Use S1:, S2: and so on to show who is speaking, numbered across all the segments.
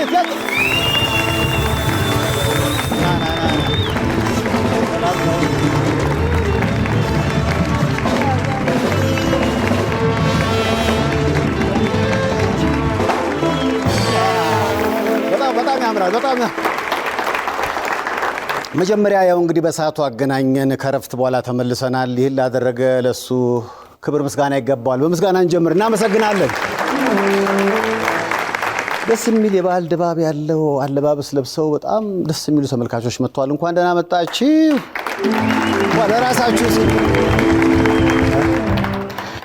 S1: ቤት ያ በጣም ያምራል። በጣም መጀመሪያ ያው እንግዲህ በሰዓቱ አገናኘን። ከረፍት በኋላ ተመልሰናል። ይህን ላደረገ ለሱ ክብር ምስጋና ይገባዋል። በምስጋና እንጀምር። እናመሰግናለን። ደስ የሚል የባህል ድባብ ያለው አለባበስ ለብሰው በጣም ደስ የሚሉ ተመልካቾች መጥተዋል። እንኳን ደህና መጣችሁ። ለራሳችሁ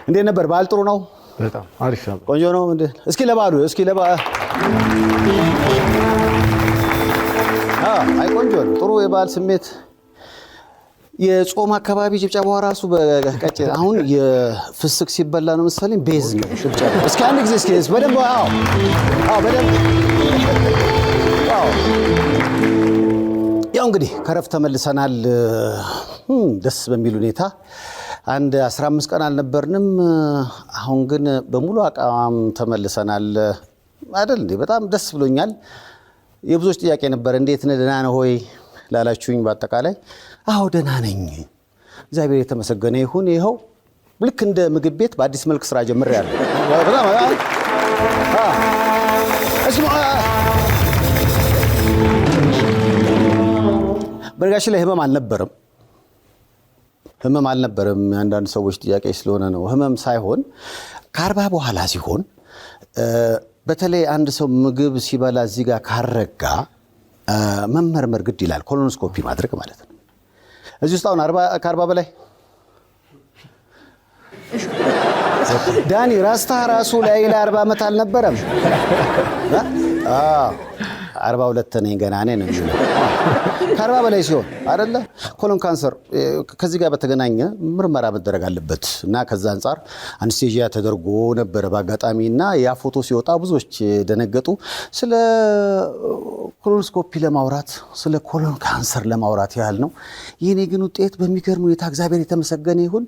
S1: እንዴት ነበር በዓል? ጥሩ ነው። በጣም አሪፍ ቆንጆ ነው። እስኪ ለበዓሉ እስኪ ለበዓል አይ ቆንጆ ነው። ጥሩ የበዓል ስሜት የጾም አካባቢ ጭብጨባዋ ራሱ በቀጭ አሁን የፍስክ ሲበላ ነው መሰለኝ ቤዝ ነው ጭብጨባ። እስኪ አንድ ጊዜ እስኪ በደንብ አዎ፣ በደንብ ያው እንግዲህ ከረፍት ተመልሰናል ደስ በሚል ሁኔታ አንድ 15 ቀን አልነበርንም። አሁን ግን በሙሉ አቋም ተመልሰናል አይደል እንዴ? በጣም ደስ ብሎኛል። የብዙዎች ጥያቄ ነበር፣ እንዴት ነህ ደህና ነህ ሆይ ላላችሁኝ በአጠቃላይ አዎ ደህና ነኝ፣ እግዚአብሔር የተመሰገነ ይሁን። ይኸው ልክ እንደ ምግብ ቤት በአዲስ መልክ ስራ ጀምሬያለሁ። በነገራችን ላይ ህመም አልነበረም፣ ህመም አልነበረም። አንዳንድ ሰዎች ጥያቄ ስለሆነ ነው። ህመም ሳይሆን ከአርባ በኋላ ሲሆን በተለይ አንድ ሰው ምግብ ሲበላ እዚህ ጋር ካረጋ መመርመር ግድ ይላል። ኮሎኖስኮፒ ማድረግ ማለት ነው። እዚህ ውስጥ አሁን ከአርባ በላይ ዳኒ ራስታ ራሱ ላይ ለአርባ ዓመት አልነበረም። አርባ ሁለት ነኝ ገና እኔ ነው ከአርባ በላይ ሲሆን አይደለ ኮሎን ካንሰር ከዚህ ጋር በተገናኘ ምርመራ መደረግ አለበት እና ከዛ አንጻር አንስቴዥያ ተደርጎ ነበረ በአጋጣሚ እና ያ ፎቶ ሲወጣ ብዙዎች ደነገጡ። ስለ ኮሎኖስኮፒ ለማውራት ስለ ኮሎን ካንሰር ለማውራት ያህል ነው። የኔ ግን ውጤት በሚገርም ሁኔታ እግዚአብሔር የተመሰገነ ይሁን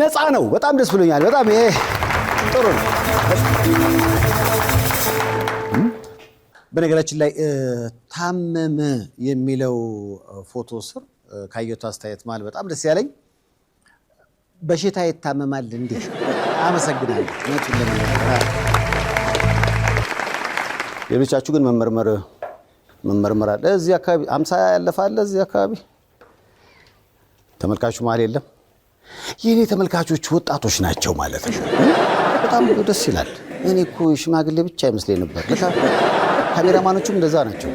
S1: ነፃ ነው። በጣም ደስ ብሎኛል። በጣም ይሄ ጥሩ ነው። በነገራችን ላይ ታመመ የሚለው ፎቶ ስር ካየቱ አስተያየት መሀል በጣም ደስ ያለኝ በሽታ ይታመማል እንዴ? አመሰግናለሁ። ነቱን ሌሎቻችሁ ግን መመርመር መመርመር አለ። እዚህ አካባቢ አምሳ ያለፋለ እዚህ አካባቢ ተመልካቹ መሀል የለም። የእኔ ተመልካቾች ወጣቶች ናቸው ማለት ነው። በጣም ደስ ይላል። እኔ እኮ ሽማግሌ ብቻ ይመስለኝ ነበር። ካሜራማኖቹም እንደዛ ናቸው።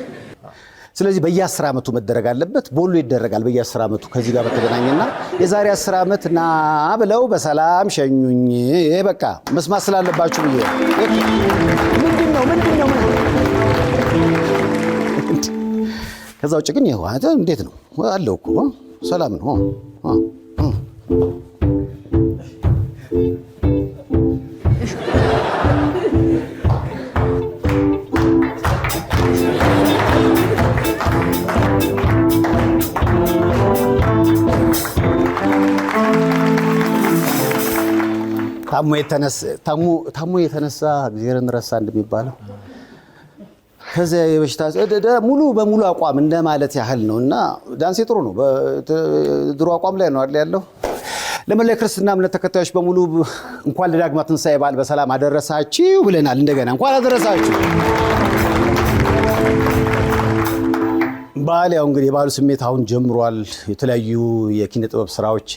S1: ስለዚህ በየአስር ዓመቱ መደረግ አለበት። ቦሎ ይደረጋል በየአስር ዓመቱ ከዚህ ጋር በተገናኘና የዛሬ አስር ዓመት ና ብለው በሰላም ሸኙኝ። በቃ መስማት ስላለባችሁ ብዬ ምንድን ነው ምንድን ነው። ከዛ ውጭ ግን ይኸው እንዴት ነው አለው እኮ ሰላም ነው። ታሞ የተነሳ እግዚአብሔርን ረሳ እንደሚባለው ከዚያ የበሽታ ሙሉ በሙሉ አቋም እንደማለት ያህል ነው። እና ዳንሴ ጥሩ ነው። ድሮ አቋም ላይ ነው አይደል ያለው። ለመላ ክርስትና እምነት ተከታዮች በሙሉ እንኳን ለዳግማ ትንሳኤ በዓል በሰላም አደረሳችሁ ብለናል። እንደገና እንኳን አደረሳችሁ። በዓል ያው እንግዲህ የበዓሉ ስሜት አሁን ጀምሯል። የተለያዩ የኪነ ጥበብ ስራዎች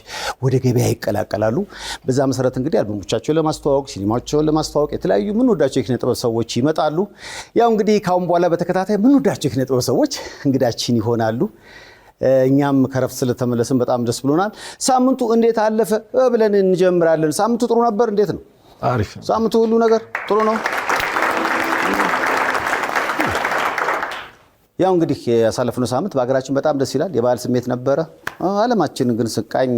S1: ወደ ገበያ ይቀላቀላሉ። በዛ መሰረት እንግዲህ አልበሞቻቸውን ለማስተዋወቅ፣ ሲኒማቸውን ለማስተዋወቅ የተለያዩ ምንወዳቸው የኪነ ጥበብ ሰዎች ይመጣሉ። ያው እንግዲህ ካሁን በኋላ በተከታታይ ምንወዳቸው የኪነ ጥበብ ሰዎች እንግዳችን ይሆናሉ። እኛም ከረፍት ስለተመለስን በጣም ደስ ብሎናል። ሳምንቱ እንዴት አለፈ ብለን እንጀምራለን። ሳምንቱ ጥሩ ነበር። እንዴት ነው? አሪፍ ሳምንቱ ሁሉ ነገር ጥሩ ነው። ያው እንግዲህ ያሳለፍነው ሳምንት በሀገራችን በጣም ደስ ይላል፣ የባህል ስሜት ነበረ። አለማችን ግን ስቃኝ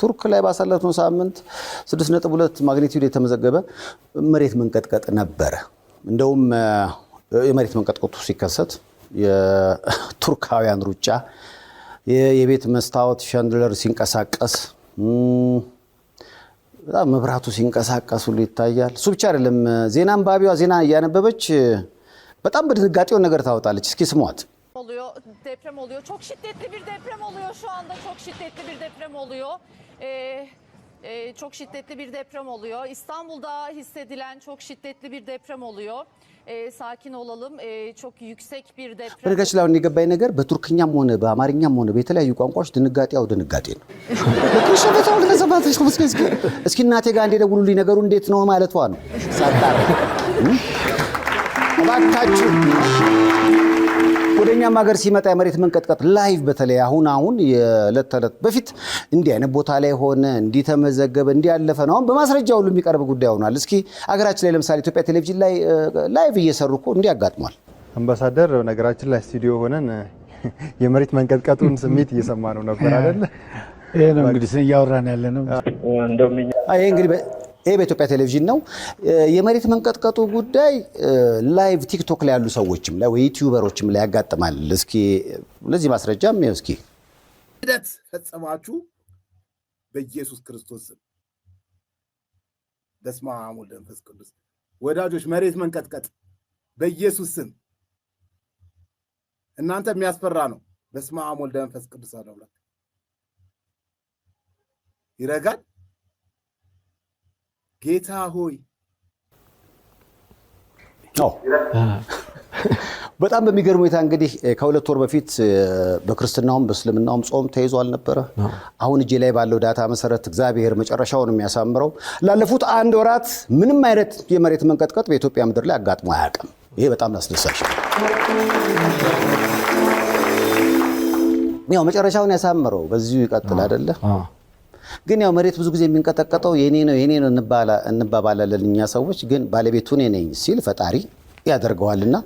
S1: ቱርክ ላይ ባሳለፍነው ሳምንት 6.2 ማግኒቲዩድ የተመዘገበ መሬት መንቀጥቀጥ ነበረ። እንደውም የመሬት መንቀጥቀጡ ሲከሰት የቱርካውያን ሩጫ፣ የቤት መስታወት ሻንድለር ሲንቀሳቀስ በጣም መብራቱ ሲንቀሳቀስ ሁሉ ይታያል። እሱ ብቻ አይደለም፣ ዜና አንባቢዋ ዜና እያነበበች በጣም በድንጋጤው ነገር ታወጣለች። እስኪ ስሟት oluyor,
S2: deprem oluyor. Çok şiddetli bir deprem oluyor şu anda. Çok şiddetli bir deprem oluyor. Ee, e, çok şiddetli bir deprem oluyor. İstanbul'da hissedilen çok şiddetli bir deprem oluyor. Ee, sakin ሳኪን ኦለልም ቾክ ዩክሴክ ቢር ደፕረ
S1: በነገራችን ላይ አሁን የገባኝ ነገር በቱርክኛም ሆነ በአማርኛም ሆነ በተለያዩ ቋንቋዎች ድንጋጤ ያው ድንጋጤ ነው። እስኪ እናቴ ጋር እንደ ደውሉልኝ ነገሩ እንዴት ነው ማለቷ ነው ሳጣር እባካችሁ ወደ እኛም ሀገር ሲመጣ የመሬት መንቀጥቀጥ ላይቭ በተለይ አሁን አሁን የዕለት ተዕለት በፊት እንዲህ አይነት ቦታ ላይ ሆነ እንዲህ ተመዘገበ እንዲህ ያለፈ ነው። አሁን በማስረጃ ሁሉ የሚቀርብ ጉዳይ ሆኗል። እስኪ ሀገራችን ላይ ለምሳሌ ኢትዮጵያ ቴሌቪዥን ላይ ላይቭ እየሰሩ እኮ እንዲህ አጋጥሟል።
S3: አምባሳደር ነገራችን ላይ ስቱዲዮ ሆነን የመሬት መንቀጥቀጡን ስሜት እየሰማ ነው ነበር አይደል?
S1: ይሄ ነው እንግዲህ እያወራን ያለ ነው። እንግዲህ ይሄ በኢትዮጵያ ቴሌቪዥን ነው። የመሬት መንቀጥቀጡ ጉዳይ ላይቭ ቲክቶክ ላይ ያሉ ሰዎችም ላይ ዩቲዩበሮችም ላይ ያጋጥማል። እስኪ ለዚህ ማስረጃም እስኪ ሂደት ፈጸማችሁ በኢየሱስ ክርስቶስ በስመ አብ ወወልድ ወመንፈስ ቅዱስ ወዳጆች፣ መሬት መንቀጥቀጥ በኢየሱስ ስም እናንተ የሚያስፈራ ነው። በስመ አብ ወወልድ ወመንፈስ ቅዱስ አለ ይረጋል። ጌታ ሆይ በጣም በሚገርም ሁኔታ እንግዲህ ከሁለት ወር በፊት በክርስትናውም በእስልምናውም ጾም ተይዞ አልነበረ። አሁን እጄ ላይ ባለው ዳታ መሰረት እግዚአብሔር መጨረሻውን የሚያሳምረው ላለፉት አንድ ወራት ምንም አይነት የመሬት መንቀጥቀጥ በኢትዮጵያ ምድር ላይ አጋጥሞ አያውቅም። ይሄ በጣም አስደሳች ነው። ያው መጨረሻውን ያሳምረው በዚሁ ይቀጥል አይደለ? ግን ያው መሬት ብዙ ጊዜ የሚንቀጠቀጠው የኔ ነው የኔ ነው እንባባላለን እኛ ሰዎች። ግን ባለቤቱ እኔ ነኝ ሲል ፈጣሪ ያደርገዋልና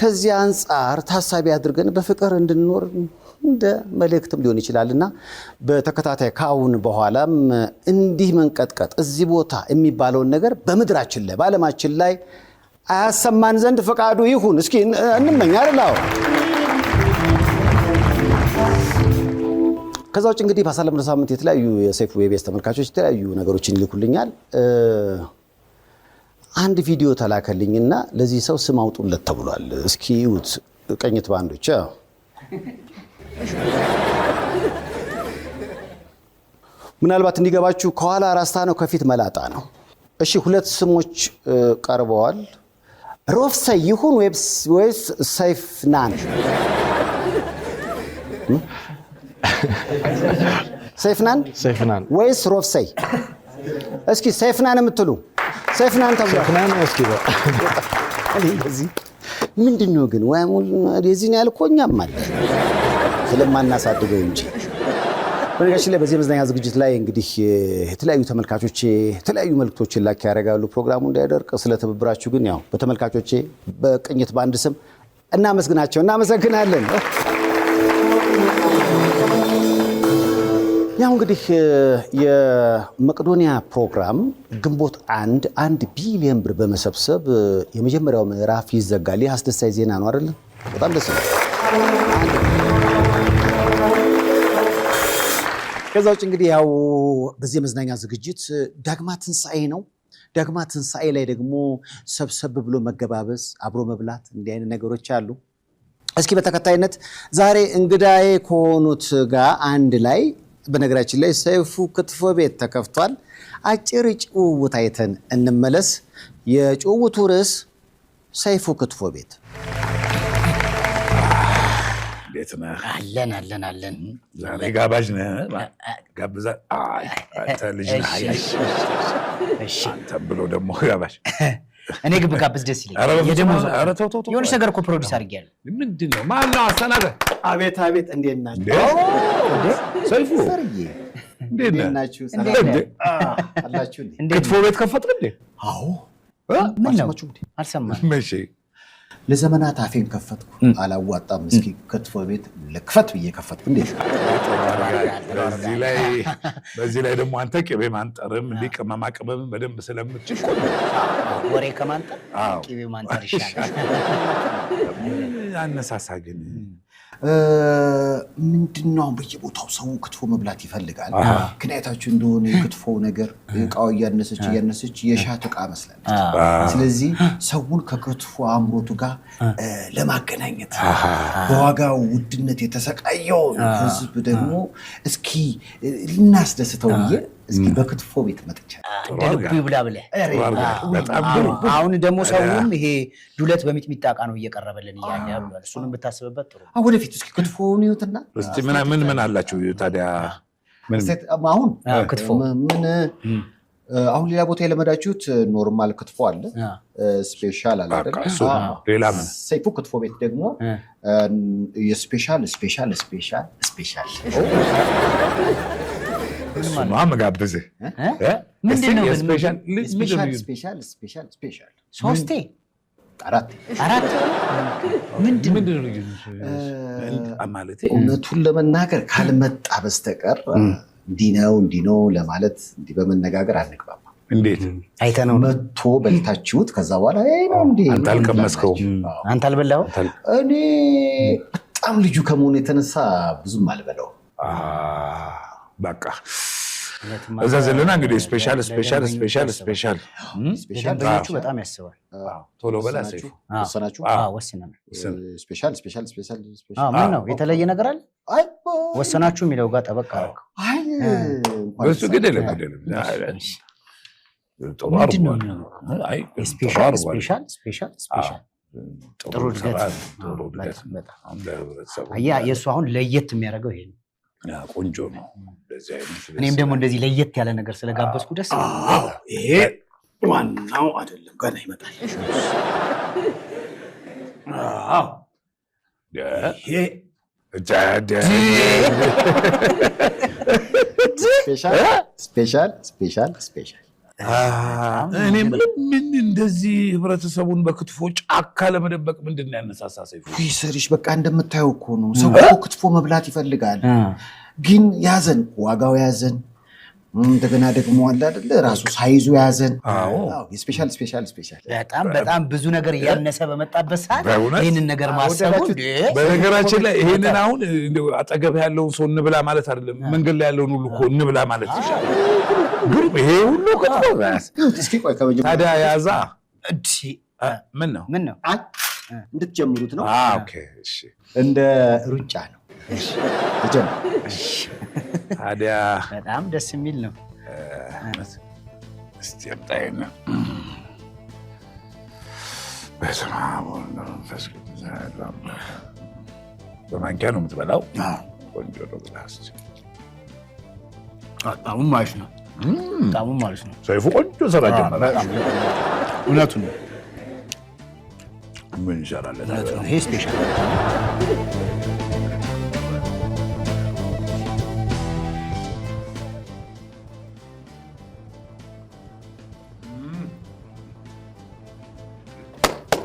S1: ከዚህ አንጻር ታሳቢ አድርገን በፍቅር እንድንኖር እንደ መልእክትም ሊሆን ይችላልና በተከታታይ ከአሁን በኋላም እንዲህ መንቀጥቀጥ እዚህ ቦታ የሚባለውን ነገር በምድራችን ላይ በዓለማችን ላይ አያሰማን ዘንድ ፈቃዱ ይሁን። እስኪ እንመኝ አይደል? ከዛ ውጭ እንግዲህ ባሳለፍነው ሳምንት የተለያዩ የሴፍ ዌቤስ ተመልካቾች የተለያዩ ነገሮችን ይልኩልኛል። አንድ ቪዲዮ እና ለዚህ ሰው ስም አውጡለት ተብሏል። እስኪ እዩት። ቀኝት ባንዶች ምናልባት እንዲገባችሁ ከኋላ ራስታ ነው፣ ከፊት መላጣ ነው። እሺ ሁለት ስሞች ቀርበዋል። ሮፍሳይ ይሁን ወይስ ሰይፍ ናን ሰይፍናን ሰይፍናን ወይስ ሮፍሰይ? እስኪ ሰይፍናን የምትሉ ሰይፍናን ተብሏል። ምንድን ነው ግን የዚህን ያህል እኮ እኛም አለ ስለማናሳድገው እንጂ። በነገራችን ላይ በዚህ መዝናኛ ዝግጅት ላይ እንግዲህ የተለያዩ ተመልካቾቼ የተለያዩ መልክቶችን ላክ ያደርጋሉ ፕሮግራሙ እንዳይደርቅ። ስለትብብራችሁ ግን ያው በተመልካቾቼ በቅኝት በአንድ ስም እናመስግናቸው። እናመሰግናለን። ያው እንግዲህ የመቄዶንያ ፕሮግራም ግንቦት አንድ አንድ ቢሊዮን ብር በመሰብሰብ የመጀመሪያው ምዕራፍ ይዘጋል። ይህ አስደሳች ዜና ነው አይደለም? በጣም ደስ ነው። ከዛ ውጭ እንግዲህ ያው በዚህ የመዝናኛ ዝግጅት ዳግማ ትንሣኤ ነው። ዳግማ ትንሣኤ ላይ ደግሞ ሰብሰብ ብሎ መገባበስ አብሮ መብላት እንዲህ አይነት ነገሮች አሉ። እስኪ በተከታይነት ዛሬ እንግዳዬ ከሆኑት ጋር አንድ ላይ በነገራችን ላይ ሰይፉ ክትፎ ቤት ተከፍቷል። አጭር ጭውውት አይተን እንመለስ። የጭውውቱ ርዕስ ሰይፉ ክትፎ ቤት። እንዴት አለን አለን አለን።
S3: ዛሬ ጋባዥ ጋብዛ። ልጅ ብሎ ደግሞ ጋባዥ
S1: እኔ ግብ ጋብዝ ደስ ይለኛል። የሆነች ነገር እኮ ፕሮዲስ አድርጌያለሁ።
S3: ምንድን ነው ማነው አስተናገር?
S1: አቤት አቤት፣ እንዴት ናችሁ ሰይፉ? ክትፎ ቤት ከፈትክ እንዴ? አዎ። ምን ነው አልሰማህም? ለዘመናት አፌን ከፈትኩ አላዋጣም። እስኪ ክትፎ ቤት ልክፈት ብዬ ከፈትኩ። እንዴት
S3: በዚህ ላይ ደግሞ አንተ ቅቤ ማንጠርም እንዲህ ቅመማ ቅመም በደንብ ስለምትችል
S1: ወሬ ከማንጠር ቅቤ ማንጠር ይሻላል።
S3: አነሳሳ ግን
S1: ምንድነው? በየቦታው ሰው ክትፎ መብላት ይፈልጋል። ምክንያታችሁ እንደሆነ የክትፎ ነገር እቃው እያነሰች እያነሰች የሻት እቃ መስላለች። ስለዚህ ሰውን ከክትፎ አምሮቱ ጋር ለማገናኘት በዋጋ ውድነት የተሰቃየውን ህዝብ ደግሞ እስኪ ልናስደስተው ብዬ እስኪ በክትፎ ቤት መጥቻለሁ ብላ ብለህ አሁን ደግሞ ሰውም ይሄ ዱለት በሚጥሚጣ ዕቃ ነው እየቀረበልን እያለ ብሏል። እሱንም ብታስብበት ጥሩ። ወደፊት እስኪ ክትፎውን ይሁትና
S3: ምን ምን አላችሁ ታዲያ
S1: አሁን ክትፎ ምን አሁን ሌላ ቦታ የለመዳችሁት ኖርማል ክትፎ አለ፣ ስፔሻል አለ ሌላ ምን ሰይፉ ክትፎ ቤት ደግሞ የስፔሻል ስፔሻል ስፔሻል ስፔሻል እሱማ ነው? ሶስቴ አራት እውነቱን ለመናገር ካልመጣ በስተቀር እንዲህ ነው ለማለት እንዲህ በመነጋገር እንዴት አይተነው መቶ በልታችሁት ከዛ በኋላ
S3: አንተ አልቀመስከው
S1: አንተ አልበላው። እኔ በጣም ልጁ ከመሆኑ የተነሳ ብዙም አልበላው።
S3: በቃ እዘዝልና እንግዲህ ስፔሻል ስፔሻል ስፔሻል ስፔሻል
S1: ደንበኞቹ በጣም ያስባል።
S3: ቶሎ በላ ሰይፉ
S1: ወሰናችሁ? ስፔሻል ስፔሻል ስፔሻል ምን ነው የተለየ ነገር አለ? ወሰናችሁ የሚለው ጋር ጠበቅ አደረገው።
S3: አይ እሱ ግድ የለም ግድ የለም ጥሩ
S1: እድገት የእሱ አሁን ለየት የሚያደርገው ይሄ ነው። ቆንጆ ነው። እኔም ደግሞ እንደዚህ ለየት ያለ ነገር ስለጋበዝኩ ደስ
S3: ይሄ ዋናው አይደለም፣ ገና ይመጣል።
S1: ስፔሻል ስፔሻል ስፔሻል ስፔሻል እኔ ምን እንደዚህ ህብረተሰቡን በክትፎ ጫካ ለመደበቅ ምንድን ነው ያነሳሳ? ሰይፉ ሰሪሽ በቃ እንደምታየው እኮ ነው። ሰው ክትፎ መብላት ይፈልጋል፣ ግን ያዘን፣ ዋጋው ያዘን እንደገና ደግሞ አለ አይደለ ራሱ ሳይዙ ያዘን ስፔሻል ስፔሻል ስፔሻል በጣም በጣም ብዙ ነገር እያነሰ በመጣበት ሰዓት ይህንን ነገር ማሰቡ።
S3: በነገራችን ላይ ይህንን አሁን አጠገብ ያለውን ሰው እንብላ ማለት አይደለም፣ መንገድ ላይ ያለውን ሁሉ እኮ እንብላ ማለት ይሻላል። ግን ይሄ ሁሉ ታዲያ ያዛ ምን ነው
S1: ምን ነው እንድትጀምሩት ነው እንደ ሩጫ ነው ታዲያ በጣም ደስ የሚል ነው።
S3: እስቲ ብጣይነ በስመ አብ ወወልድ ወመንፈስ ቅዱስ አሐዱ አምላክ። በማንኪያ ነው የምትበላው። ቆንጆ ነው። ብላስ
S1: ጣሙም አሪፍ ነው። ጣሙም አሪፍ ነው።
S3: ሰይፉ ቆንጆ ሰራ ጀመረ። እውነቱን ነው። ምን ይሻላል? ይሄ ስፔሻል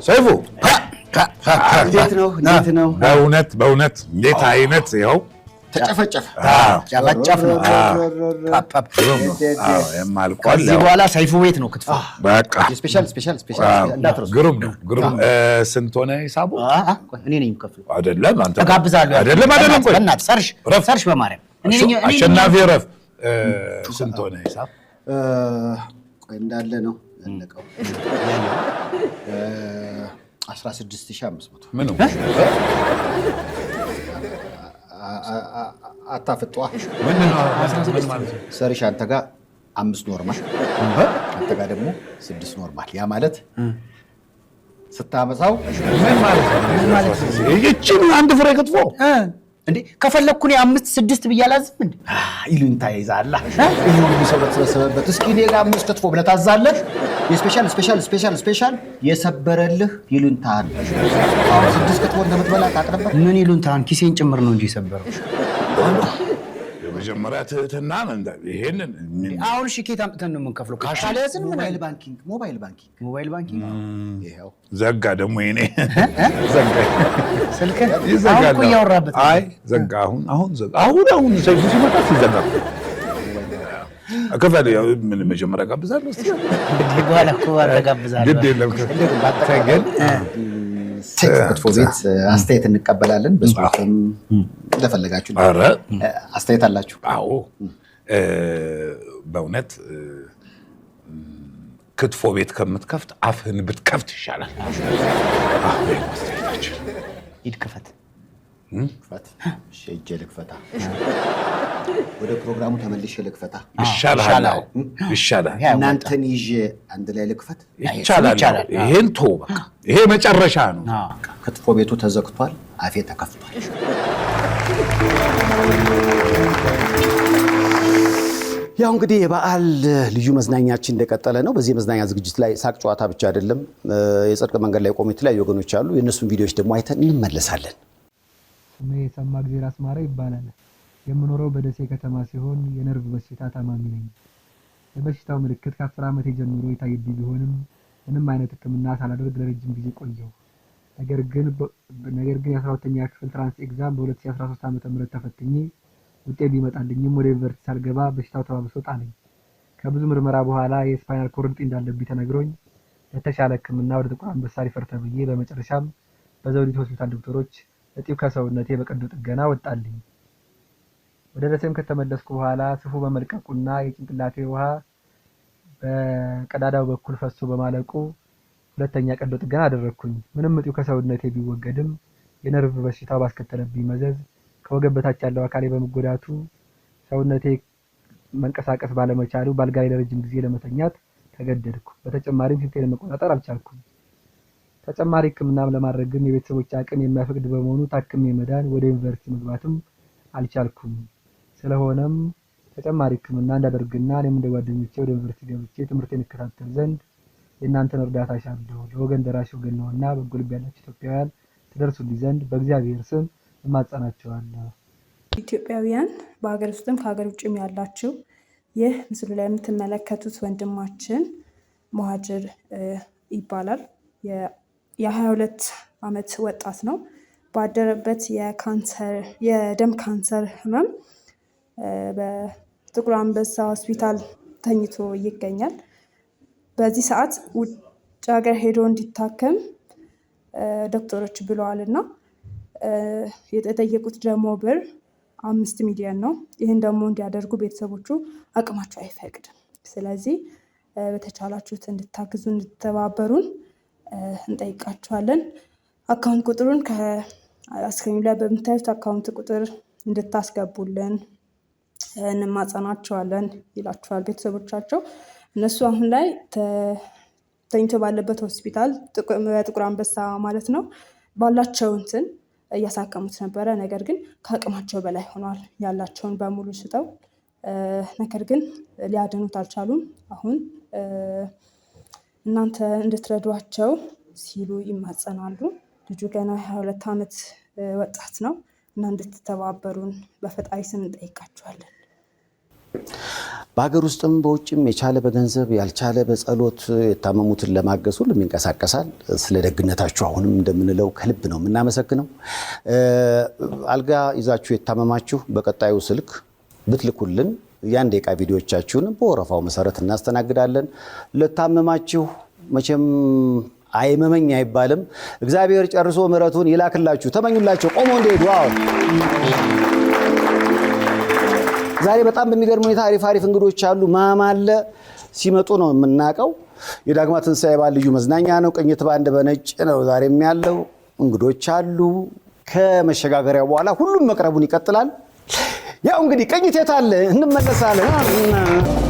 S3: ሰይፉ እንዴት ነው? እንዴት ነው? በእውነት በእውነት እንዴት አይነት ይኸው
S1: ተጨፈጨፈ ጨፈጨፍ ነው። ከዚህ በኋላ ሰይፉ ቤት ነው ክትፎ
S3: በቃ ግሩም ነው ግሩም። ስንት ሆነ ሂሳቡ? እኔ ነኝ የምከፍለው። አይደለም አንተ እጋብዛለሁ። አይደለም አይደለም። ቆይ
S1: በእናትህ ሰርሽ ሰርሽ፣ በማርያም
S3: አሸናፊ እረፍ። ስንት ሆነ ሂሳብ?
S1: ቆይ እንዳለ ነው የዘለቀው 16500 ምኑ አታፍጧ ሰሪሽ አንተ ጋር አምስት ኖርማል አንተ ጋር ደግሞ ስድስት ኖርማል። ያ ማለት ስታመሳው ምን አንድ ፍሬ ክትፎ እንዴ ከፈለግኩ አምስት ስድስት ብዬ አላዝም እንዴ? ይሉኝታ ይዛላ ይሄ ሁሉ ሰው በተሰበሰበበት እስኪ እኔ ጋር አምስት ክትፎ ብለህ ታዛለህ። የስፔሻል ስፔሻል ስፔሻል ስፔሻል የሰበረልህ ይሉኝታ አለ። አሁን ስድስት ክትፎ እንደምትበላ ታቅርበት። ምን ይሉኝታን ኪሴን ጭምር ነው እንጂ የሰበረው
S3: መጀመሪያ ትህትና ይሄንን
S1: አሁን እሺ፣ ኬት አምጥተን ነው የምንከፍለው? ካሻለስን ሞባይል ባንኪንግ ሞባይል ባንኪንግ ሞባይል ባንኪንግ
S3: ዘጋ። ደግሞ ይኔ
S1: ዘጋ፣ እያወራበት
S3: አይ ዘጋ። አሁን አሁን ዘጋ። አሁን አሁን ሰይፉ ሲመጣ ሲዘጋ ከፈለ ምን መጀመሪያ ጋብዛለሁ። በኋላ እኮ ግድ የለም ግን
S1: ክትፎ ቤት አስተያየት እንቀበላለን። በጽሁፍም እንደፈለጋችሁ አስተያየት አላችሁ።
S3: አዎ በእውነት ክትፎ ቤት ከምትከፍት አፍህን ብትከፍት ይሻላል።
S1: ሂድ ክፈት። ክፈት። እሺ፣ እጄ ልክፈታ። ወደ ፕሮግራሙ ተመልሼ ልክፈታ።
S3: ይሻላል፣ ይሻላል።
S1: እናንተን ይዤ አንድ ላይ ልክፈት።
S3: ይቻላል። ይሄን ቶ በቃ ይሄ መጨረሻ ነው።
S1: ክትፎ ቤቱ ተዘግቷል፣ አፌ ተከፍቷል። ያው እንግዲህ የበዓል ልዩ መዝናኛችን እንደቀጠለ ነው። በዚህ የመዝናኛ ዝግጅት ላይ ሳቅ ጨዋታ ብቻ አይደለም። የጽድቅ መንገድ ላይ የቆሙ የተለያዩ ወገኖች አሉ። የእነሱን ቪዲዮዎች ደግሞ አይተን እንመለሳለን።
S4: ስሜ የሰማ እግዜር አስማረ ይባላል። የምኖረው በደሴ ከተማ ሲሆን የነርቭ በሽታ ታማሚ ነኝ። የበሽታው ምልክት ከአስር ዓመቴ ጀምሮ ይታይብኝ ቢሆንም ምንም አይነት ሕክምና ሳላደርግ ለረጅም ጊዜ ቆየሁ። ነገር ግን ነገር ግን ክፍል ትራንስ ኤግዛም በ2013 ዓ.ም ተፈትኜ ውጤት ቢመጣልኝም ወደ ዩኒቨርሲቲ ሳልገባ በሽታው ተባብሶ ጣለኝ። ከብዙ ምርመራ በኋላ የስፓይናል ኮርድ እንዳለብኝ ተነግሮኝ ለተሻለ ሕክምና ወደ ጥቁር አንበሳ ሪፈር ተብዬ በመጨረሻም በዘውዲቱ ሆስፒታል ዶክተሮች እጢው ከሰውነቴ በቀዶ ጥገና ወጣልኝ። ወደ ደሴም ከተመለስኩ በኋላ ስፉ በመልቀቁና የጭንቅላቴ ውሃ በቀዳዳው በኩል ፈሶ በማለቁ ሁለተኛ ቀዶ ጥገና አደረግኩኝ። ምንም እጢው ከሰውነቴ ቢወገድም የነርቭ በሽታው ባስከተለብኝ መዘዝ ከወገብ በታች ያለው አካሌ በመጎዳቱ ሰውነቴ መንቀሳቀስ ባለመቻሉ በአልጋ ላይ ለረጅም ጊዜ ለመተኛት ተገደድኩ። በተጨማሪም ሽንቴን መቆጣጠር አልቻልኩም። ተጨማሪ ሕክምናም ለማድረግ ግን የቤተሰቦች አቅም የማይፈቅድ በመሆኑ ታክሜ መዳን ወደ ዩኒቨርሲቲ መግባትም አልቻልኩም። ስለሆነም ተጨማሪ ሕክምና እንዳደርግና እኔም እንደ ጓደኞቼ ወደ ዩኒቨርሲቲ ገብቼ ትምህርቴን እከታተል ዘንድ የእናንተን እርዳታ እሻለሁ። ለወገን ደራሽ ወገን ነውና በጎ ልብ ያላችሁ ኢትዮጵያውያን ትደርሱልኝ ዘንድ በእግዚአብሔር ስም እማጸናችኋለሁ።
S5: ኢትዮጵያውያን በሀገር ውስጥም ከሀገር ውጭም ያላችሁ ይህ ምስሉ ላይ የምትመለከቱት ወንድማችን መሀጅር ይባላል። የ22 ዓመት ወጣት ነው። ባደረበት የደም ካንሰር ህመም በጥቁር አንበሳ ሆስፒታል ተኝቶ ይገኛል። በዚህ ሰዓት ውጭ ሀገር ሄዶ እንዲታከም ዶክተሮች ብለዋል እና የተጠየቁት ደግሞ ብር አምስት ሚሊዮን ነው። ይህን ደግሞ እንዲያደርጉ ቤተሰቦቹ አቅማቸው አይፈቅድም። ስለዚህ በተቻላችሁት እንድታግዙ እንድተባበሩን እንጠይቃችኋለን። አካውንት ቁጥሩን ከአስክሪኑ ላይ በምታዩት አካውንት ቁጥር እንድታስገቡልን እንማጸናቸዋለን ይላችኋል ቤተሰቦቻቸው። እነሱ አሁን ላይ ተኝቶ ባለበት ሆስፒታል በጥቁር አንበሳ ማለት ነው ባላቸው እንትን እያሳከሙት ነበረ። ነገር ግን ከአቅማቸው በላይ ሆኗል። ያላቸውን በሙሉ ስጠው ነገር ግን ሊያድኑት አልቻሉም አሁን እናንተ እንድትረዷቸው ሲሉ ይማጸናሉ። ልጁ ገና 22 ዓመት ወጣት ነው እና እንድትተባበሩን በፈጣሪ ስም እንጠይቃችኋለን።
S1: በሀገር ውስጥም በውጭም የቻለ በገንዘብ ያልቻለ በጸሎት የታመሙትን ለማገዝ ሁሉም ይንቀሳቀሳል። ስለ ደግነታችሁ አሁንም እንደምንለው ከልብ ነው የምናመሰግነው። አልጋ ይዛችሁ የታመማችሁ በቀጣዩ ስልክ ብትልኩልን ያን ደቂቃ ቪዲዮቻችሁን በወረፋው መሰረት እናስተናግዳለን። ልታመማችሁ መቼም አይመመኝ አይባልም። እግዚአብሔር ጨርሶ ምሕረቱን ይላክላችሁ። ተመኙላቸው ቆሞ እንዲሄዱ። ዛሬ በጣም በሚገርም ሁኔታ አሪፍ አሪፍ እንግዶች አሉ። ማማለ ሲመጡ ነው የምናውቀው። የዳግማ ትንሣኤ በዓል ልዩ መዝናኛ ነው። ቅኝት በአንድ በነጭ ነው ዛሬም ያለው። እንግዶች አሉ። ከመሸጋገሪያ በኋላ ሁሉም መቅረቡን ይቀጥላል። ያው እንግዲህ ቅኝት የት አለ? እንመለሳለን።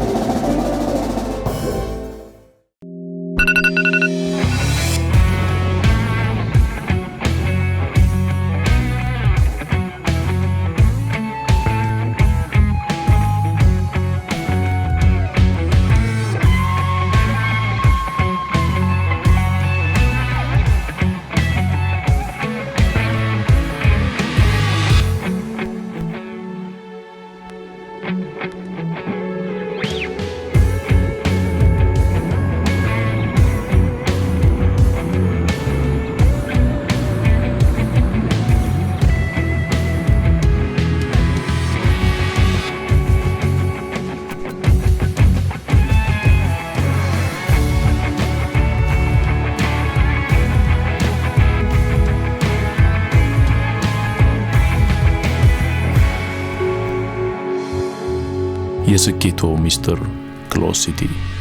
S1: to Mr. Claw City.